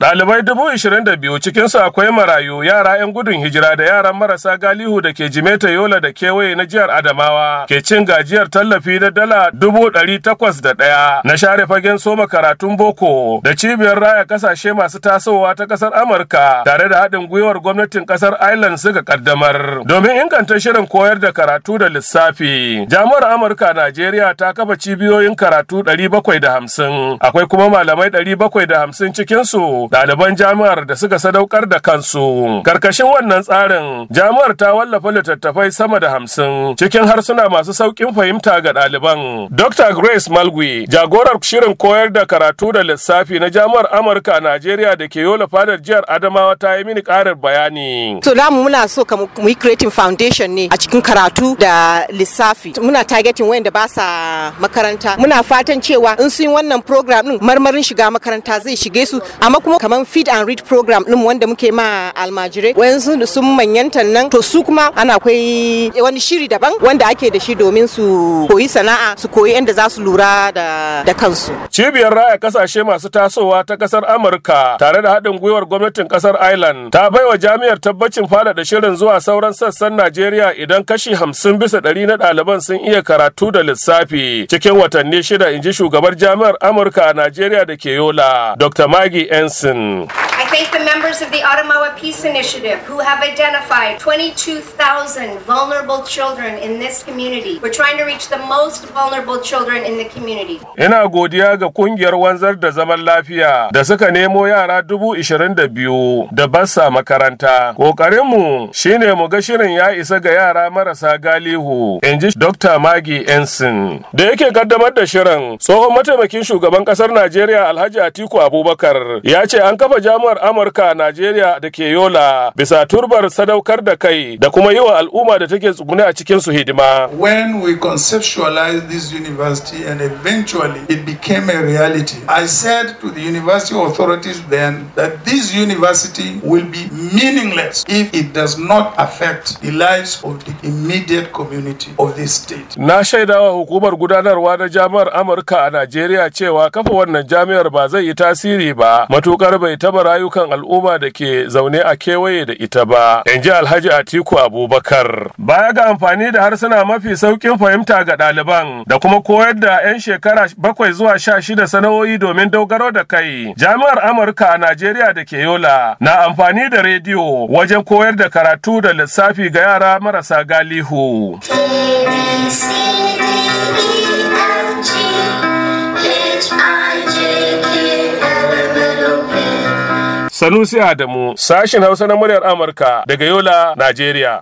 Ɗalibai dubu ishirin da biyu cikinsu akwai marayu yara 'yan gudun hijira da yaran marasa galihu da ke jimeta yola da kewaye na jihar Adamawa ke cin gajiyar tallafi na dala dubu ɗari takwas da ɗaya na share fagen soma karatun boko da cibiyar raya ƙasashe masu tasowa ta ƙasar Amurka tare da haɗin gwiwar gwamnatin ƙasar Ireland suka ƙaddamar domin inganta shirin koyar da karatu da lissafi. Jami'ar Amurka Najeriya ta kafa cibiyoyin karatu ɗari bakwai da hamsin akwai kuma malamai ɗari bakwai da hamsin cikinsu Daliban ɗaliban jami'ar da suka sadaukar da kansu. Karkashin wannan tsarin jami'ar ta wallafa littattafai sama da hamsin cikin harsuna masu sauƙin fahimta ga ɗaliban. Dr. Grace Malgui jagorar shirin koyar da karatu da lissafi na jami'ar Amurka a Najeriya da ke yola fadar jihar Adamawa ta yi mini ƙarin bayani. To mu muna so mu yi creating foundation ne a cikin karatu da lissafi. Muna targeting wayanda ba sa makaranta. Muna fatan cewa in sun wannan program din marmarin shiga makaranta zai shige su amma kuma kamar feed and read program din wanda muke ma almajirai wayansu sun manyanta nan to su kuma ana akwai wani shiri daban wanda ake da shi domin su koyi sana'a su koyi yadda za su lura da, da kansu cibiyar raya kasashe masu tasowa ta kasar amurka tare da haɗin gwiwar gwamnatin kasar ireland ta baiwa jami'ar tabbacin fada da shirin zuwa sauran sassan najeriya idan kashi hamsin bisa ɗari na ɗaliban sun iya karatu da lissafi cikin watanni shida in ji shugabar jami'ar amurka a najeriya da ke yola dr maggie ensi Essen. thank the members of the Ottawa Peace Initiative who have identified 22,000 vulnerable children in this community. We're trying to reach the most vulnerable children in the community. Ina godiya ga kungiyar wanzar da zaman lafiya da suka nemo yara dubu ishirin da biyu da basa makaranta. Kokarinmu shine mu ga shirin ya isa ga yara marasa galihu, in ji Dr. Maggie Ensign. Da yake kaddamar da shirin, tsohon mataimakin shugaban kasar Najeriya Alhaji Atiku Abubakar ya ce an kafa jami'ar Amurka Najeriya da ke Yola bisa turbar sadaukar da kai da kuma yi wa al'umma da take tsugune a cikin su hidima. When we conceptualized this university and eventually it became a reality, I said to the university authorities then that this university will be meaningless if it does not affect the lives of the immediate community of this state. Na shaidawa hukumar gudanarwa na jami'ar Amurka a Najeriya cewa kafa wannan jami'ar ba zai yi tasiri ba matukar bai taba rayuka dukkan al'umma da ke zaune a kewaye da ita ba in ji alhaji atiku abubakar baya ga amfani da harsuna mafi sauƙin fahimta ga ɗaliban da kuma koyar da 'yan shekara bakwai zuwa sha shida sana'o'i domin dogaro da kai jami'ar amurka a najeriya da ke yola na amfani da rediyo wajen koyar da karatu da lissafi ga yara marasa galihu. ABC. Sanusi Adamu, sashin Hausa na muryar Amurka daga Yola, Najeriya.